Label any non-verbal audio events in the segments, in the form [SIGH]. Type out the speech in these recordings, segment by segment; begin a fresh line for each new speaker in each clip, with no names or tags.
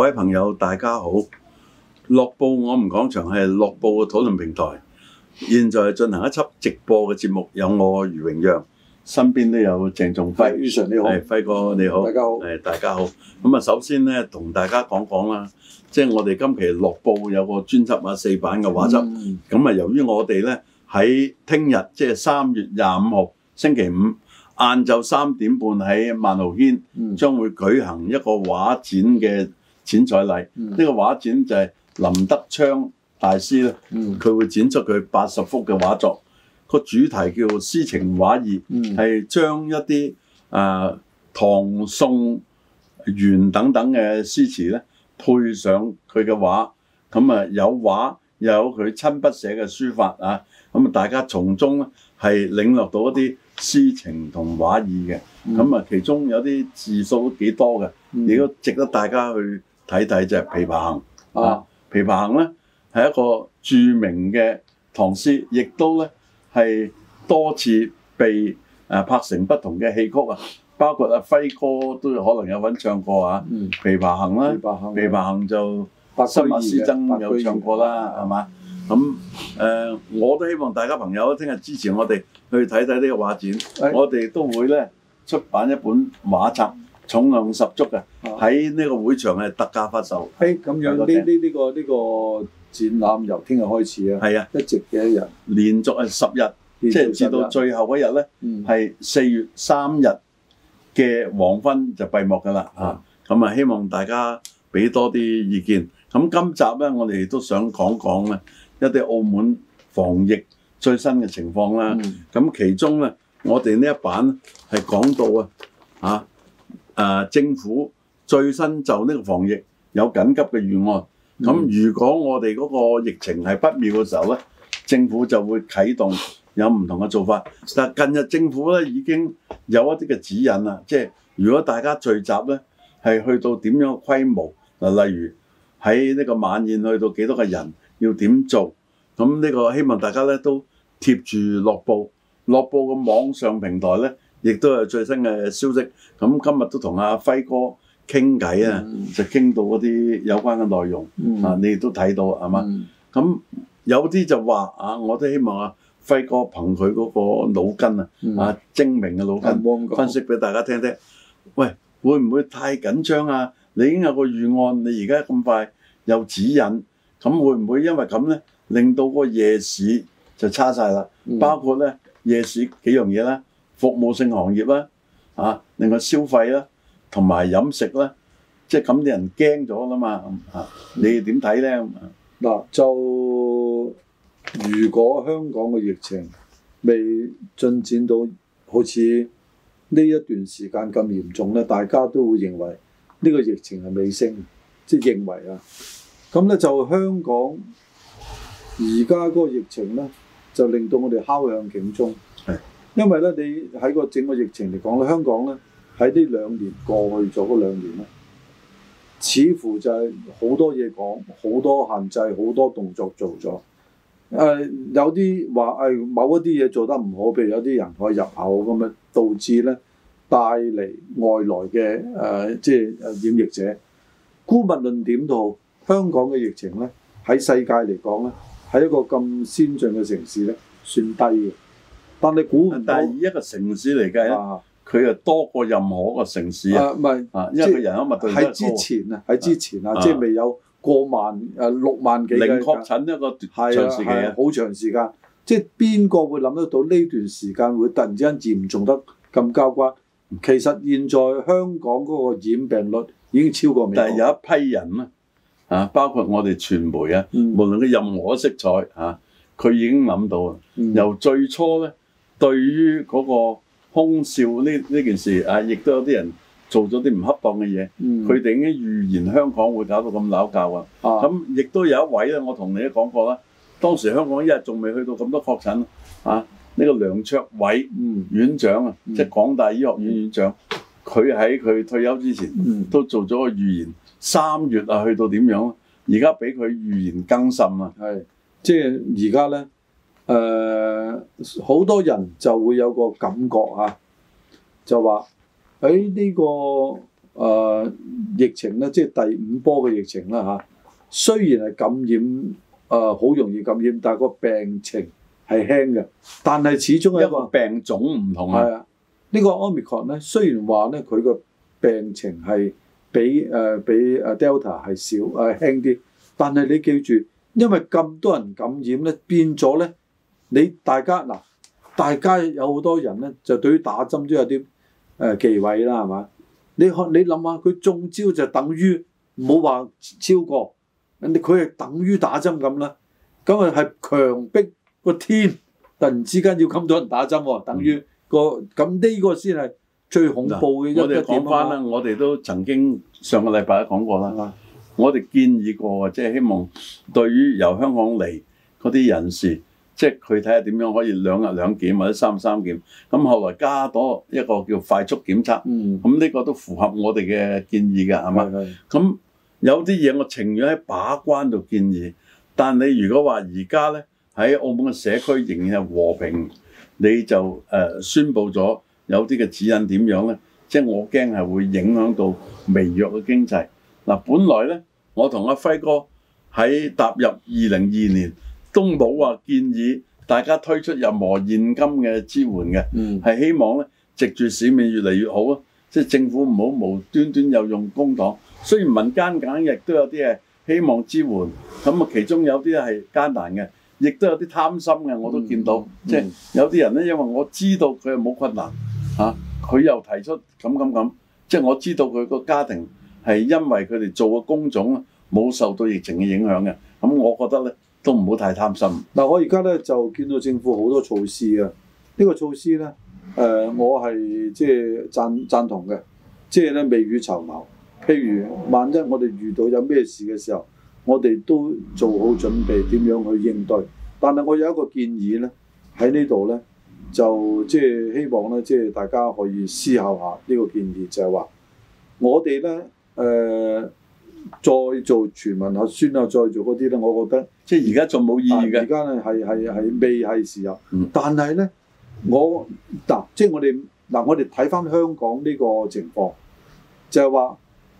各位朋友，大家好！《樂報》我唔講場係《樂報》嘅討論平台，現在進行一輯直播嘅節目，有我余榮陽，身邊都有鄭仲輝，輝哥你好，輝、哎、哥你好，大家好、哎，大家好，誒大家好。咁啊，首先咧同大家講講啦，即係我哋今期《樂報》有個專輯啊，四版嘅畫集。咁啊，由於我哋咧喺聽日，即係三月廿五號星期五晏晝三點半喺萬豪軒將會舉行一個畫展嘅。剪彩禮呢、嗯、個畫展就係林德昌大師啦，佢、嗯、會展出佢八十幅嘅畫作，個主題叫詩情畫意，係將、嗯、一啲啊、呃、唐宋元等等嘅詩詞咧配上佢嘅畫，咁、嗯、啊有畫又有佢親筆寫嘅書法啊，咁、嗯、啊、嗯、大家從中係領略到一啲詩情同畫意嘅，咁、嗯、啊、嗯、其中有啲字數都幾多嘅，亦都、嗯、值得大家去。睇睇就係《琵琶行》啊，《琵琶行》咧係一個著名嘅唐詩，亦都咧係多次被誒拍成不同嘅戲曲啊，包括阿輝哥都可能有份唱過啊，嗯，《琵琶行》啦，《琵琶行》琵琶行就新白鞠 馬師曾有唱過啦，係嘛？咁誒、呃，我都希望大家朋友聽日支持我哋去睇睇呢個畫展，哎、我哋都會咧出版一本畫冊。重量十足嘅，喺呢、啊、個會場係特價發售。咁樣呢呢
呢個呢、這個展覽、這個、由聽日開始啊，係
啊，一直嘅一日，連續係十日，即係至到最後一呢、嗯、是日咧，係四月三日嘅黃昏就閉幕㗎啦。咁、嗯、啊，希望大家俾多啲意見。咁今集咧，我哋都想講講咧一啲澳門防疫最新嘅情況啦。咁、嗯、其中咧，我哋呢一版係講到啊，誒、啊、政府最新就呢個防疫有緊急嘅預案，咁如果我哋嗰個疫情係不妙嘅時候呢，政府就會啟動有唔同嘅做法。但近日政府呢已經有一啲嘅指引啦，即係如果大家聚集呢係去到點樣嘅規模，嗱，例如喺呢個晚宴去到幾多個人，要點做，咁呢個希望大家呢都貼住樂報，樂報嘅網上平台呢。亦都有最新嘅消息，咁今日都同阿輝哥傾偈啊，嗯、就傾到嗰啲有關嘅內容、嗯、啊，你都睇到係嘛？咁、嗯、有啲就話啊，我都希望阿輝哥憑佢嗰個腦筋、嗯、啊，啊精明嘅腦筋分析俾大家聽聽。嗯嗯、喂，會唔會太緊張啊？你已經有個預案，你而家咁快有指引，咁會唔會因為咁咧，令到個夜市就差晒啦？嗯、包括咧夜市幾樣嘢咧。服務性行業啦、啊，嚇、啊，另外消費啦、啊，同埋飲食啦、啊，即係咁啲人驚咗啦嘛，嚇、啊，你點睇咧？
嗱，就如果香港嘅疫情未進展到好似呢一段時間咁嚴重咧，大家都會認為呢個疫情係尾聲，即係認為啊，咁咧就香港而家嗰個疫情咧，就令到我哋敲響警鐘。係。因為咧，你喺個整個疫情嚟講咧，香港咧喺呢兩年過去咗嗰兩年咧，似乎就係好多嘢講，好多限制，好多動作做咗。誒、呃、有啲話誒某一啲嘢做得唔好，譬如有啲人可以入口咁樣，導致咧帶嚟外來嘅誒、呃、即係誒染疫者。姑勿論點都好，香港嘅疫情咧喺世界嚟講咧，喺一個咁先進嘅城市咧，算低嘅。但你估唔到，但以一個城市嚟計，佢又、啊、多過任何一個城市啊！唔、啊、係，因為人口密度高。喺之前啊，喺之前啊，即係未有過萬，誒六萬幾嘅零確診一個長時間，好長時間。即係邊個會諗得到呢段時間會突然之間嚴重得咁交關？其實現在香港嗰個染病率已經超過未。啊啊啊、但係有一批人咧，
啊，包括我哋傳媒啊，嗯、無論佢任何色彩嚇，佢、啊、已經諗到啊，由最初咧。對於嗰個空少呢呢件事啊，亦都有啲人做咗啲唔恰當嘅嘢。佢哋、嗯、已經預言香港會搞到咁鬧交啊！咁亦都有一位咧，我同你都講過啦。當時香港一日仲未去到咁多確診啊，呢、這個梁卓偉嗯院長啊，即係港大醫學院院長，佢喺佢退休之前都做咗個預言，嗯、三月啊去到點樣？而家俾佢預言
更甚啦，是即係而家咧。誒好、呃、多人就會有一個感覺啊，就話喺呢個誒、呃、疫情咧，即係第五波嘅疫情啦嚇、啊。雖然係感染誒好、呃、容易感染，但係個病情係輕嘅，但係始終係一,一個病種唔同啊。係啊，這個、呢個 Omicron 咧，雖然話咧佢個病情係比誒、呃、比 Del 啊 Delta 係少誒輕啲，但係你記住，因為咁多人感染咧，變咗咧。你大家嗱，大家有好多人咧，就對於打針都有啲誒、呃、忌諱啦，係嘛？你你諗下，佢中招就等於唔好話超過，佢係等於打針咁啦。咁啊係強迫個天突然之間要咁多人打針，嗯、等於個咁呢個先係最恐怖嘅一點啊！我哋講翻啦，我
哋都曾經上個禮拜都講過啦，吧我哋建議過嘅，即係希望對於由香港嚟嗰啲人士。即係佢睇下點樣可以兩日兩檢或者三三檢，咁後來加多一個叫快速檢測，咁呢個都符合我哋嘅建議嘅，係嘛？咁是有啲嘢我情願喺把關度建議，但你如果話而家呢，喺澳門嘅社區仍然係和平，你就誒宣布咗有啲嘅指引點樣呢？即、就、係、是、我驚係會影響到微弱嘅經濟。嗱，本來呢，我同阿輝哥喺踏入二零二二年。公冇話建議大家推出任何現金嘅支援嘅，係、嗯、希望咧，藉住市面越嚟越好啊！即、就、係、是、政府唔好無端端又用公帑。雖然民間緊亦都有啲係希望支援，咁啊，其中有啲係艱難嘅，亦都有啲貪心嘅，我都見到。即係、嗯、有啲人咧，因為我知道佢冇困難啊，佢又提出咁咁咁，即、就、係、是、我知道佢個家庭係因為佢哋做嘅工種冇受到疫情嘅影響嘅，咁
我覺得咧。都唔好太貪心。嗱、啊，我而家咧就見到政府好多措施啊！呢、這個措施咧，誒、呃，我係即係贊贊同嘅，即係咧未雨綢繆。譬如萬一我哋遇到有咩事嘅時候，我哋都做好準備點樣去應對。但係我有一個建議咧，喺呢度咧就即係、就是、希望咧，即、就、係、是、大家可以思考一下呢個建議，就係、是、話我哋咧誒再做全民核酸啊，再做嗰啲咧，我覺得。即係而家仲冇意義嘅，而家咧係係係未係時候。嗯、但係咧，我嗱、啊，即係我哋嗱、啊，我哋睇翻香港呢個情況，就係、係、話，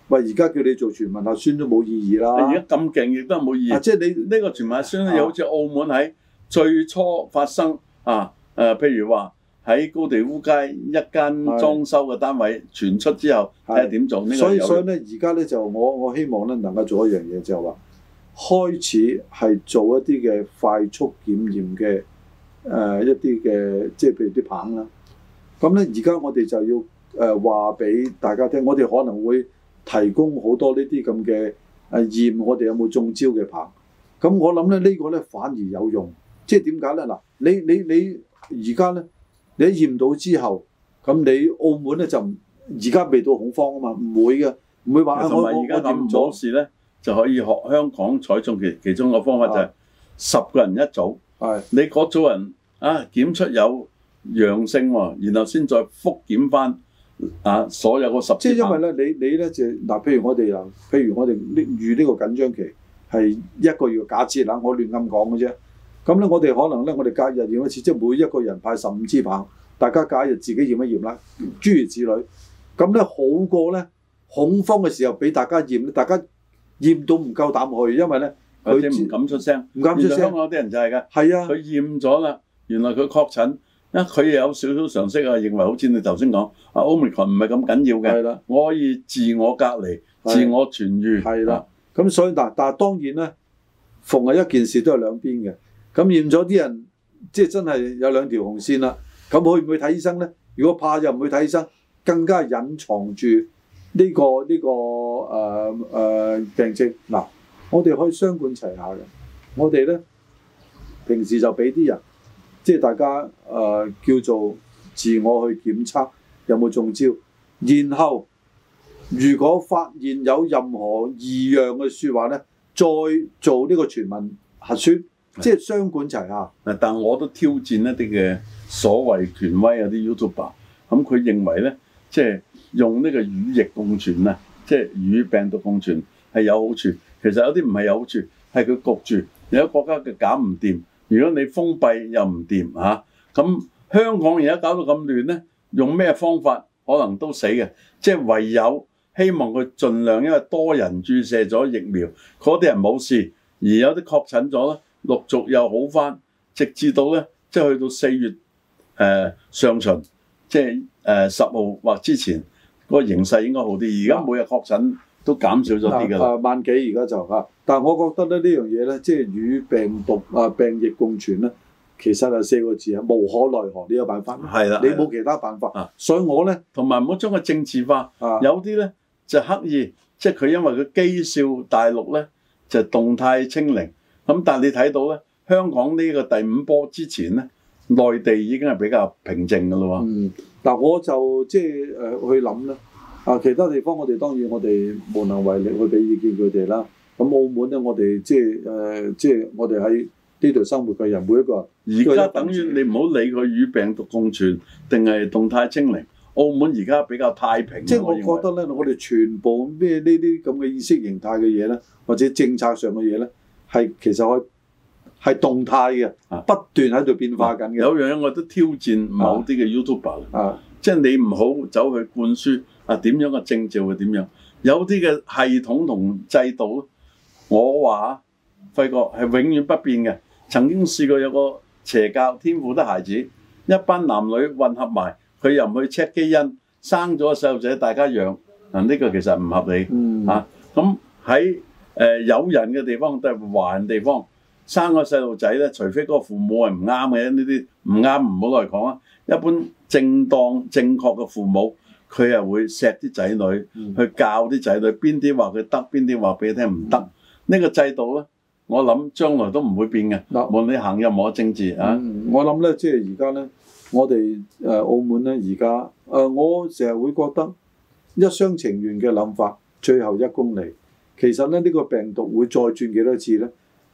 喂，而家叫你做全民核酸都冇意義啦。而家咁
勁亦都係冇意義。啊、即係你呢個全民核酸咧，又好似澳門喺最初發生啊，誒、啊，譬、啊、如話喺高地烏街一間裝修嘅單位傳出之後，誒，點做呢？所以所以
咧，而家咧就我我希望咧能夠做一樣嘢，就係話。開始係做一啲嘅快速檢驗嘅誒、呃、一啲嘅，即係譬如啲棒啦。咁咧，而家我哋就要誒話俾大家聽，我哋可能會提供好多呢啲咁嘅誒驗，我哋有冇中招嘅棒。咁我諗咧呢、呢個咧反而有用，即係點解咧？嗱，你你你而家咧，你驗到之後，咁你澳門咧就唔而家未到恐慌啊嘛，唔會嘅，唔會話香港搞錯事咧。就可以學香港採樣期其中
個方法就係十個人一組，啊、你嗰組人啊檢出有
陽性喎，然後先再復檢翻啊所有的十個十支。即係因為咧，你你咧就嗱，譬如我哋啊，譬如我哋預呢個緊張期，係一個月假設啦，我亂咁講嘅啫。咁咧，我哋可能咧，我哋隔日驗一次，即係每一個人派十五支棒，大家假日自己驗一驗啦，諸如此類。咁咧好過咧恐慌嘅時候俾大家驗咧，大家。厭到唔夠膽去，因為咧佢唔敢
出聲、啊。原來香港有啲人就係噶，係啊，佢驗咗啦。原來佢確診，佢有少少常識啊，認為好似你頭先講，o 啊，奧密唔係咁緊要嘅，係啦，我可以
自我隔離、啊、自我痊愈。係啦、啊。咁、啊啊、所以嗱，但當然咧，逢係一件事都係兩邊嘅。咁驗咗啲人，即係真係有兩條紅線啦。咁會唔會睇醫生咧？如果怕又唔會睇醫生，更加隱藏住。呢、這個呢、這個誒誒、呃呃、病症嗱，我哋可以雙管齊下嘅。我哋咧平時就俾啲人，即係大家誒、呃、叫做自我去檢測有冇中招，然後如果發現有任何異樣嘅説話咧，再做呢個全民核酸，的即係雙管齊下。
但係我都挑戰一啲嘅所謂權威啊啲 YouTuber，咁佢認為咧。即係用呢個與疫共存啊！即係與病毒共存係有好處，其實有啲唔係有好處，係佢焗住。有一國家嘅搞唔掂，如果你封閉又唔掂嚇，咁、啊、香港而家搞到咁亂咧，用咩方法可能都死嘅。即係唯有希望佢盡量，因為多人注射咗疫苗，嗰啲人冇事，而有啲確診咗咧，陸續又好翻，直至到咧即係去到四月、呃、上旬。即係十號或之前嗰個形勢應該好啲，而家
每日確診都減少咗啲㗎啦。萬幾而家就、啊、但係我覺得咧呢樣嘢咧，即、這、係、個就是、與病毒啊病疫共存咧，其實有四個字啊，無可奈何。呢個辦法啦，你冇其他辦法。啊、所以我咧同埋唔
好將佢政治
化。啊、有啲咧
就刻意，即係佢因為佢譏笑大陸咧就動態清零。咁但係你睇到咧，香港呢個第五波之前咧。內地已經係比較平靜㗎咯喎，嗯，
嗱我就即係誒去諗咧，啊，其他地方我哋當然我哋無能為力去俾意見佢哋啦。咁澳門咧，我哋、呃、即係誒即係我哋喺呢度生活嘅人，每一個人
而家等於你唔好理佢與病毒共存定係動態清零，澳門而家比較太平。即係我，我覺
得咧，我哋全部咩呢啲咁嘅意識形態嘅嘢咧，或者政策上嘅嘢咧，係其實可以。係動態嘅，不斷喺度變化緊。啊、
有一樣嘢我都挑戰某啲嘅 YouTuber，即係、啊啊、你唔好走去灌輸啊點樣嘅政治會點樣？有啲嘅系統同制度，我話費覺係永遠不變嘅。曾經試過有個邪教，天父的孩子，一班男女混合埋，佢又唔去 check 基因，生咗細路仔大家養啊！呢、呢個其實唔合理嚇。咁喺誒有人嘅地方，就壞地方。生個細路仔咧，除非嗰個父母係唔啱嘅呢啲，唔啱唔好來講啊。一般正當正確嘅父母，佢又會錫啲仔女，去教啲仔女邊啲話佢得，邊啲話俾佢聽唔得。呢個制度咧，我諗將來都唔會變嘅。無論你行任何政治
嚇、嗯嗯。我諗咧，即係而家咧，我哋誒澳門咧而家誒，我成日會覺得一廂情願嘅諗法，最後一公里，其實咧呢個病毒會再轉幾多次咧？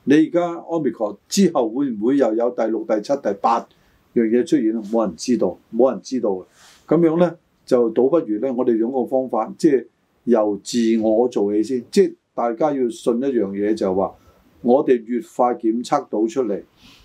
你而家 Omicron 之後會唔會又有第六、第七、第八樣嘢出現？冇人知道，冇人知道嘅咁樣咧，就倒不如咧，我哋用個方法，即係由自我做起先。即係大家要信一樣嘢，就係、是、話我哋越快檢測到出嚟，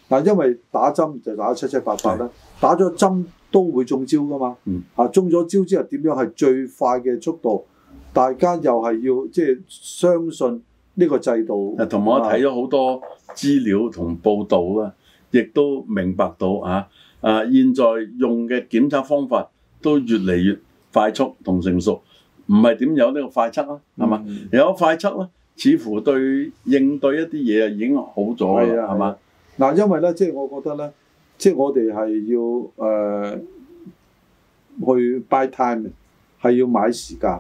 但因為打針就打咗七七八八啦，是打咗針都會中招噶嘛。嗯，啊，中咗招之後點樣係最快嘅速度？大家又係要即係相信。呢個制度，同埋我睇咗
好多資料同報道啊，亦都明白到啊，啊，現在用嘅檢測方法都越嚟越快速同成熟，唔係點有呢個快測啊，係嘛、嗯？有快測咧，似乎對應對一啲嘢啊已經好咗啊，係嘛
吧？嗱、啊啊，因為咧，即係我覺得咧，即係我哋係要誒、呃、去 buy time，係要買時間。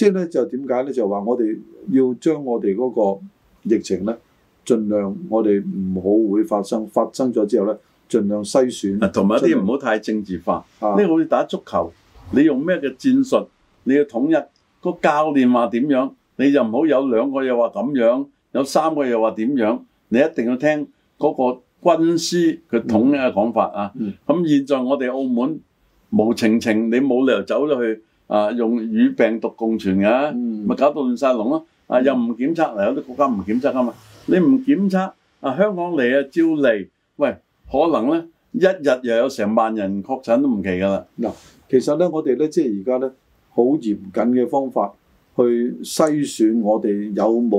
即係咧，就點解咧？就話我哋要將我哋嗰個疫情咧，儘量我哋唔好會發生。發生咗之後咧，儘量篩選，同埋啲唔好
太政治化。呢個、啊、好似打足球，你用咩嘅戰術？你要統一、嗰個教練話點樣，你就唔好有兩個又話咁樣，有三個又話點樣。你一定要聽嗰個軍師佢統一嘅講法、嗯、啊。咁、嗯、現在我哋澳門無情情，你冇理由走咗去。啊！用與病毒共存嘅，咪、嗯、搞到亂晒龍咯！啊，又唔檢測，嗱，有啲國家唔檢測噶嘛。你唔檢測，啊，香港嚟啊照嚟，喂，可能咧一日又有成萬人確診都唔奇噶啦。
嗱，其實咧我哋咧即係而家咧好嚴謹嘅方法去篩選我哋有冇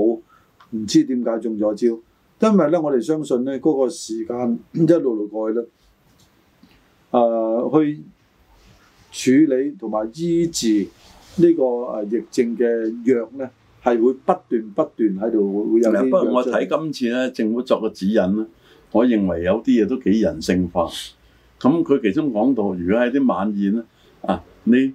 唔知點解中咗招，因為咧我哋相信咧嗰、嗰個時間一路路過去咧，誒、呃、去。處理同埋醫治呢個誒疫症嘅藥咧，係會不斷不斷喺度會會有啲。不過我睇
今次咧，政府作個指引咧，我認為有啲嘢都幾人性化。咁佢其中講到，如果喺啲晚宴咧，啊你誒、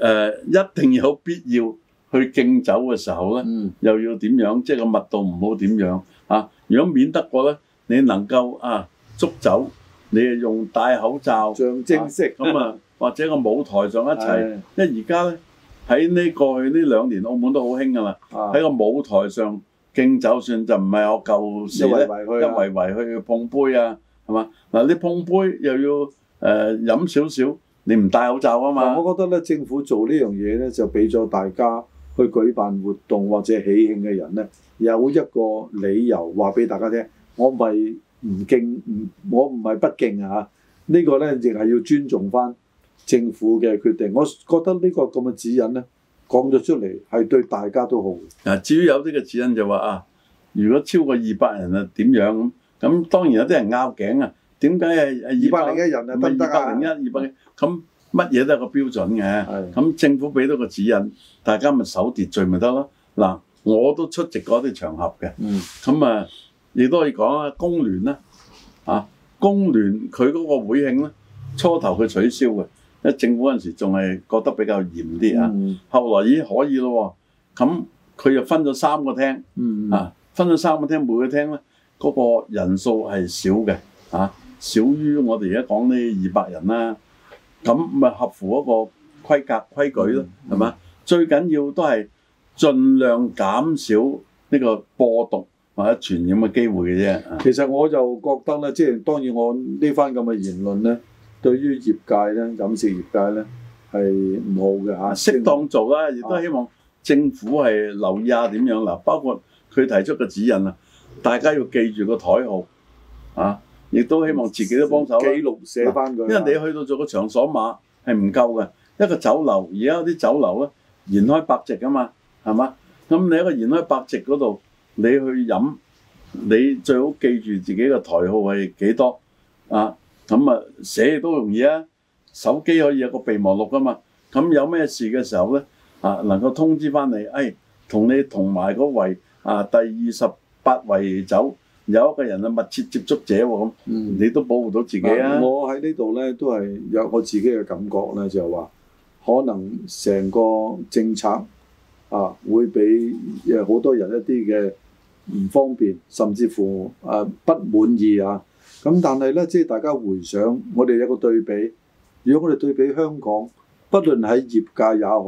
呃、一定有必要去敬酒嘅時候咧，嗯、又要點樣？即係個密度唔好點樣啊？如果免得過咧，你能夠啊捉酒，你用戴口罩，象徵式咁啊。 [LAUGHS] 或者個舞台上一齊，是的 因為而家咧喺呢在過去呢兩年，澳門都好興㗎嘛。喺是的 個舞台上敬酒，算就唔係我舊時咧一去一去，啊、圍圍去碰杯啊，係嘛嗱？你碰杯又要誒、呃、飲
少少，你唔戴口罩啊嘛。我覺得咧，政府做呢樣嘢咧，就俾咗大家去舉辦活動或者喜慶嘅人咧，有一個理由話俾大家聽，我唔係唔敬，唔我唔係不敬啊、這個、呢個咧亦係要尊重返。政府嘅決定，我覺得呢個咁嘅指引咧，講咗出嚟係對大家都好的。
嗱，至於有啲嘅指引就話啊，如果超過二百人啊點樣咁？咁當然有啲人拗頸啊，點解啊？二百零一人啊唔得，二百零一、二百咁，乜嘢都係個標準嘅。咁係。政府俾到個指引，大家咪守秩序咪得咯。嗱，我都出席過啲場合嘅。嗯。咁啊，亦都可以講啊，工聯咧、啊，啊工聯佢嗰個會慶咧，初頭佢取消嘅。一政府嗰陣時仲係覺得比較嚴啲啊，嗯、後來已經可以咯、哦，咁佢就分咗三個廳、嗯、啊，分咗三個廳，每個廳咧嗰個人數係少嘅啊，少於我哋而家講呢二百人啦、啊，咁咪合乎一個規格規矩咯，係嘛？最緊要都係盡量減少呢個播毒或者傳染嘅機會嘅
啫、啊。其實我就覺得咧，即係當然我番呢番咁嘅言論咧。對於業界咧，飲食業界咧係唔好嘅嚇、啊，適當做啦、啊，亦、啊、都希望
政府係留意下、啊、點樣嗱、啊，包括佢提出嘅指引啊，大家要記住個台號啊，亦都希望自己都幫手、啊、記錄寫翻佢，啊、因為你去到做個場所碼係唔夠嘅，啊、一個酒樓而家啲酒樓咧延開百席噶嘛，係嘛？咁你一個延開百席嗰度，你去飲，你最好記住自己個台號係幾多啊？咁啊，寫都容易啊，手機可以有個備忘錄噶、啊、嘛。咁有咩事嘅時候咧，啊能夠通知翻你，誒、哎、同你同埋嗰位啊第二十八位走，有一個人啊密切接觸者喎、啊，咁你都保護到自己啊。嗯、我
喺呢度咧都係有我自己嘅感覺咧，就話、是、可能成個政策啊會俾好多人一啲嘅唔方便，甚至乎誒、啊、不滿意啊。咁但係咧，即係大家回想，我哋有個對比。如果我哋對比香港，不論喺業界也好，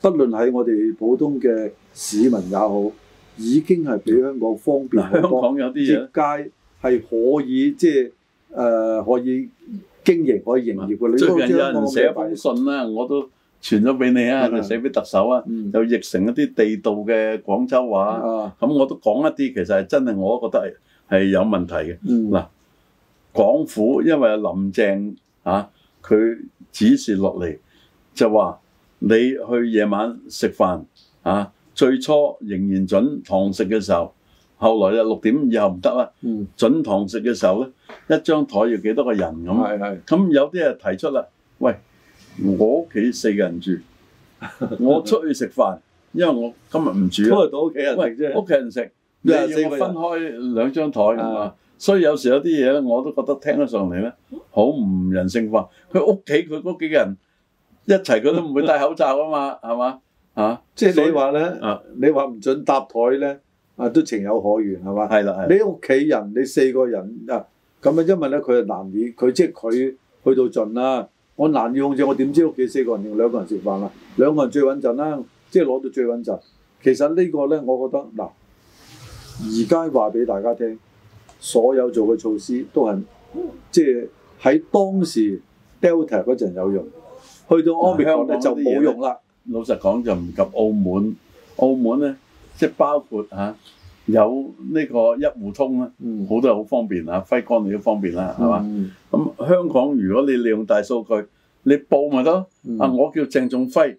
不論喺我哋普通嘅市民也好，已經係比香港方便好多。香港有啲嘢，業界係可以即係誒可以經營，可以營業嘅。最近有人寫一
封信啦，我都傳咗俾你啊，係咪寫俾特首啊，就譯成一啲地道嘅廣州話。咁我都講一啲，其實係真係我都覺得係係有問題嘅。嗱。港府因為林鄭啊，佢指示落嚟就話：你去夜晚食飯啊，最初仍然準堂食嘅時候，後來啊六點以後唔得啦。嗯，準堂食嘅時候咧，一張台要幾多個人咁？係係。咁是有啲啊提出啦，喂，我屋企四個人住， [LAUGHS] 我出去食飯，因為我今日唔煮，今日到屋企人嚟屋企人食，
人你要我分
開兩張台咁啊？所以有時有啲嘢咧，我都覺得聽得上嚟咧，好唔人性化。佢屋企佢屋企嘅人一齊，佢都唔會戴口罩啊嘛，係嘛 [LAUGHS] 吧啊？即係你
話咧，啊、你話唔準搭台咧，啊都情有可原係嘛？係啦係。你屋企人你四個人啊咁啊，因為咧佢係難以佢即係佢去到盡啦、啊。我難以控制，我點知屋企四個人用兩個人食飯啊？兩個人最穩陣啦、啊，即係攞到最穩陣。其實呢個呢個咧，我覺得嗱，而家話俾大家聽。所有做嘅措施都係即係喺當時 Delta 嗰陣有用，去到安 m 港 c 咧就冇用啦。老實講就唔及澳門，
澳門咧即係包括嚇、啊、有呢個一互通啦，好、嗯、多好方便啊，輝哥，你都方便啦，係嘛？咁、嗯嗯、香港如果你利用大數據，你報咪得、嗯、啊？我叫鄭仲輝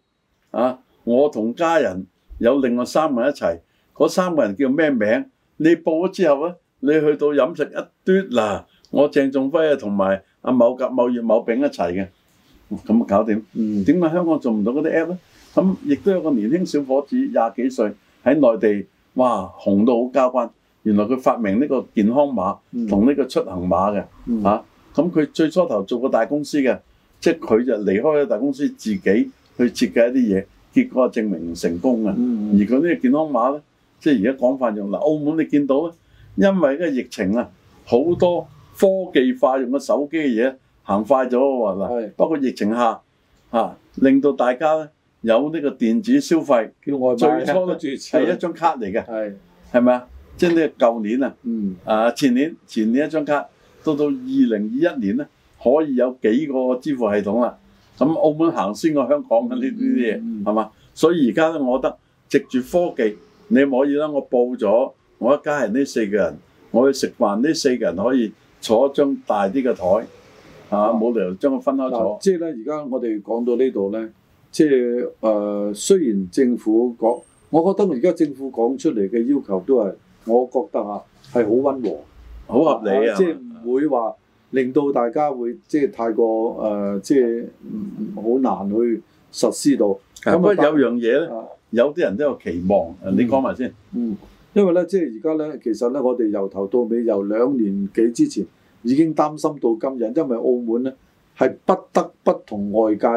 啊，我同家人有另外三個人一齊，嗰三個人叫咩名？你報咗之後咧？你去到飲食一嘟嗱，我鄭仲輝啊，同埋阿某甲、某乙、某丙一齊嘅，咁搞掂。嗯，點解香港做唔到嗰啲 app 咧？咁亦都有個年輕小伙子廿幾歲喺內地，哇，紅到好交關。原來佢發明呢個健康碼同呢個出行碼嘅，嚇、嗯。咁佢、啊、最初頭做過大公司嘅，即係佢就是、離開咗大公司，自己去設計一啲嘢，結果就證明成功嘅。嗯嗯，而佢呢個健康碼咧，即係而家廣泛用嗱，澳門你見到啊？因為依家疫情啊，好多科技化用嘅手機嘅嘢行快咗喎嗱，不過係疫情下嚇、啊、令到大家咧有呢個電子消費，叫最初係一張卡嚟嘅，係咪啊？即係呢舊年啊，啊前年前年一張卡，到到二零二一年咧可以有幾個支付系統啦。咁澳門行先過香港嘅呢啲嘢係嘛？所以而家咧，我覺得藉住科技，你可以咧，我報咗。我一家人呢四個人，我去食飯，呢四個人可以坐一張大啲嘅台，嚇、啊、冇理由將佢分開坐。啊、
即係咧，而家我哋講到呢度咧，即係誒、呃，雖然政府講，我覺得而家政府講出嚟嘅要求都係，我覺得嚇係好溫和，好、嗯啊、合理啊，即係唔會話令到大家會即係太過誒、呃，即係好難去實施到。咁不、嗯嗯、有樣嘢咧，啊、有啲人都有期望，你講埋先嗯。嗯。因為咧，即係而家咧，其實咧，我哋由頭到尾，由兩年幾之前已經擔心到今日，因為澳門咧係不得不同外界誒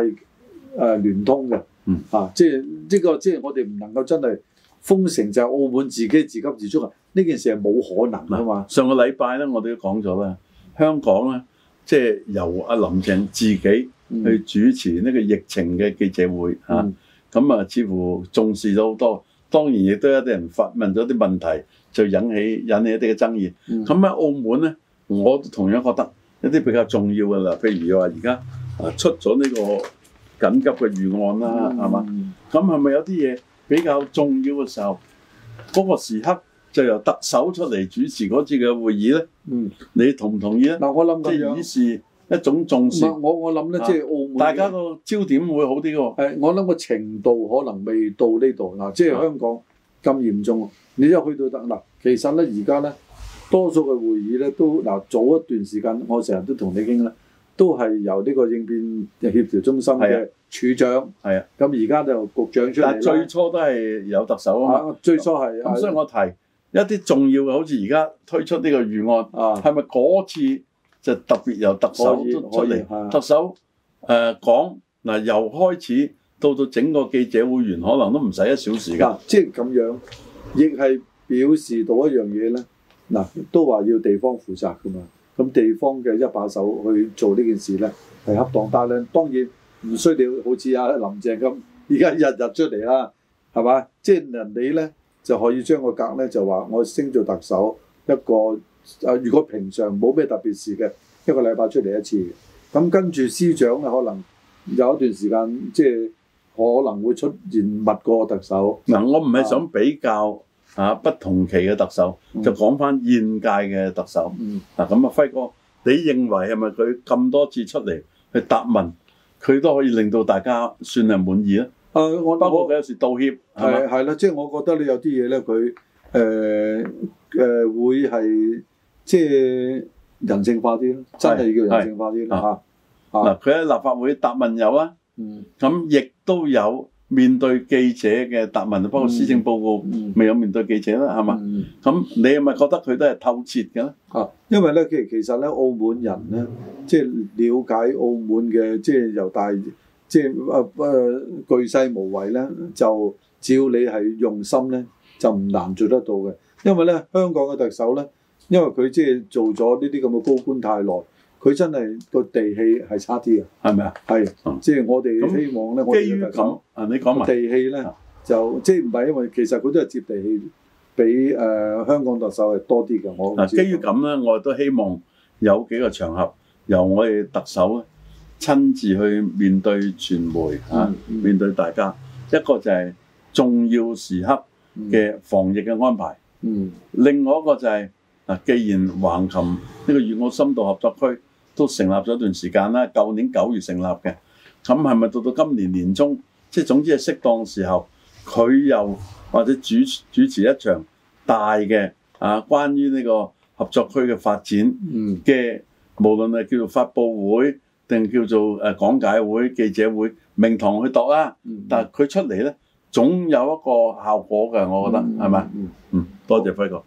聯、呃、通嘅，嗯、啊，即係呢、呢個即係我哋唔能夠真係封城就係澳門自己自給自足啊！呢件事係冇可能啊嘛。
上個禮拜咧，我哋都講咗啦，香港咧，即係由阿林鄭自己去主持呢個疫情嘅記者會嚇，咁、嗯、啊，嗯、似乎重視咗好多。當然亦都有啲人發問咗啲問題，就引起引起一啲嘅爭議。咁喺、嗯、澳門咧，我都同樣覺得一啲比較重要嘅啦。譬如話而家啊出咗呢個緊急嘅預案啦，係嘛、嗯？咁係咪有啲嘢比較重要嘅時候，嗰、嗰個時刻就由特首出嚟主持嗰次嘅會議咧？嗯、你同唔同意咧？嗱、嗯，我諗即係已是。一種重視，我我我諗咧，即係澳門的、啊、大家個
焦點會好啲喎、哦。係、哎，我諗個程度可能未到呢度嗱，即係香港咁的嚴重。你一去到特嗱、啊，其實咧而家咧多數嘅會議咧都嗱、啊、早一段時間，我成日都同你傾咧，都係由呢個應變協調中心嘅處長係啊。咁而家就局長出嚟。最初都係
有特首啊嘛。最初係咁，那是的所以我提一啲重要嘅，好似而家推出呢個預案啊，係咪嗰次？就特別由特首出嚟以，特首誒講嗱，由開始到到整個記者會完，可能都唔使一小時㗎，即
係咁樣，亦係表示到一樣嘢咧。嗱、啊，都話要地方負責㗎嘛，咁、啊、地方嘅一把手去做呢件事咧係恰當，但係咧當然唔需要好似阿林鄭咁，而家日日出嚟啦、啊，係嘛？即係人哋咧就可以將個格咧就話我升做特首一個。誒如果平常冇咩特別事嘅，一個禮拜出嚟一次，咁跟住司長咧，可能有一段時間即係可能會出現密過特首。嗱，
我唔係想比較啊不同期嘅特首，就講翻現屆嘅特首。嗱，咁啊輝哥，你認為係咪佢咁多次出嚟去答問，佢都可以令到大家算係滿意咧？誒，我包括佢有時道歉係嘛？係
啦，即係我覺得你有啲嘢咧，佢誒誒會係。即係人性化啲咯，係真係要人性化啲啦。嗱，佢喺立法
會答問有啊，咁亦、嗯、都有面對記者嘅答問，包括施政報告未有面對記者啦，係嘛？咁你係咪覺得佢都係透徹嘅、啊？
因為咧，其實咧，澳門人咧，即係了解澳門嘅，即係由大，即係誒誒，巨細無遺咧，就只要你係用心咧，就唔難做得到嘅。因為咧，香港嘅特首咧。因為佢即係做咗呢啲咁嘅高官太耐，佢真係個地氣係差啲嘅，係咪啊？係、啊，即係我哋希望咧，我基於咁，啊你講埋地氣咧，就即係唔係因為其實佢都係接地氣，比誒、呃、香港特首係多啲嘅。我基於咁
咧，我都希望有幾個場合由我哋特首親自去面對傳媒嚇、嗯啊，面對大家。嗯、一個就係重要時刻嘅防疫嘅安排，嗯、另外一個就係、是。既然橫琴呢個粵澳深度合作區都成立咗一段時間啦，舊年九月成立嘅，咁係咪到到今年年中，即係總之係適當的時候，佢又或者主主持一場大嘅啊，關於呢個合作區嘅發展嘅，嗯、無論係叫做發佈會定叫做誒講、呃、解會、記者會，名堂去度啦，嗯、但係佢出嚟呢，總有一個效果嘅，我覺得係咪？嗯，係咪？嗯，多謝輝哥。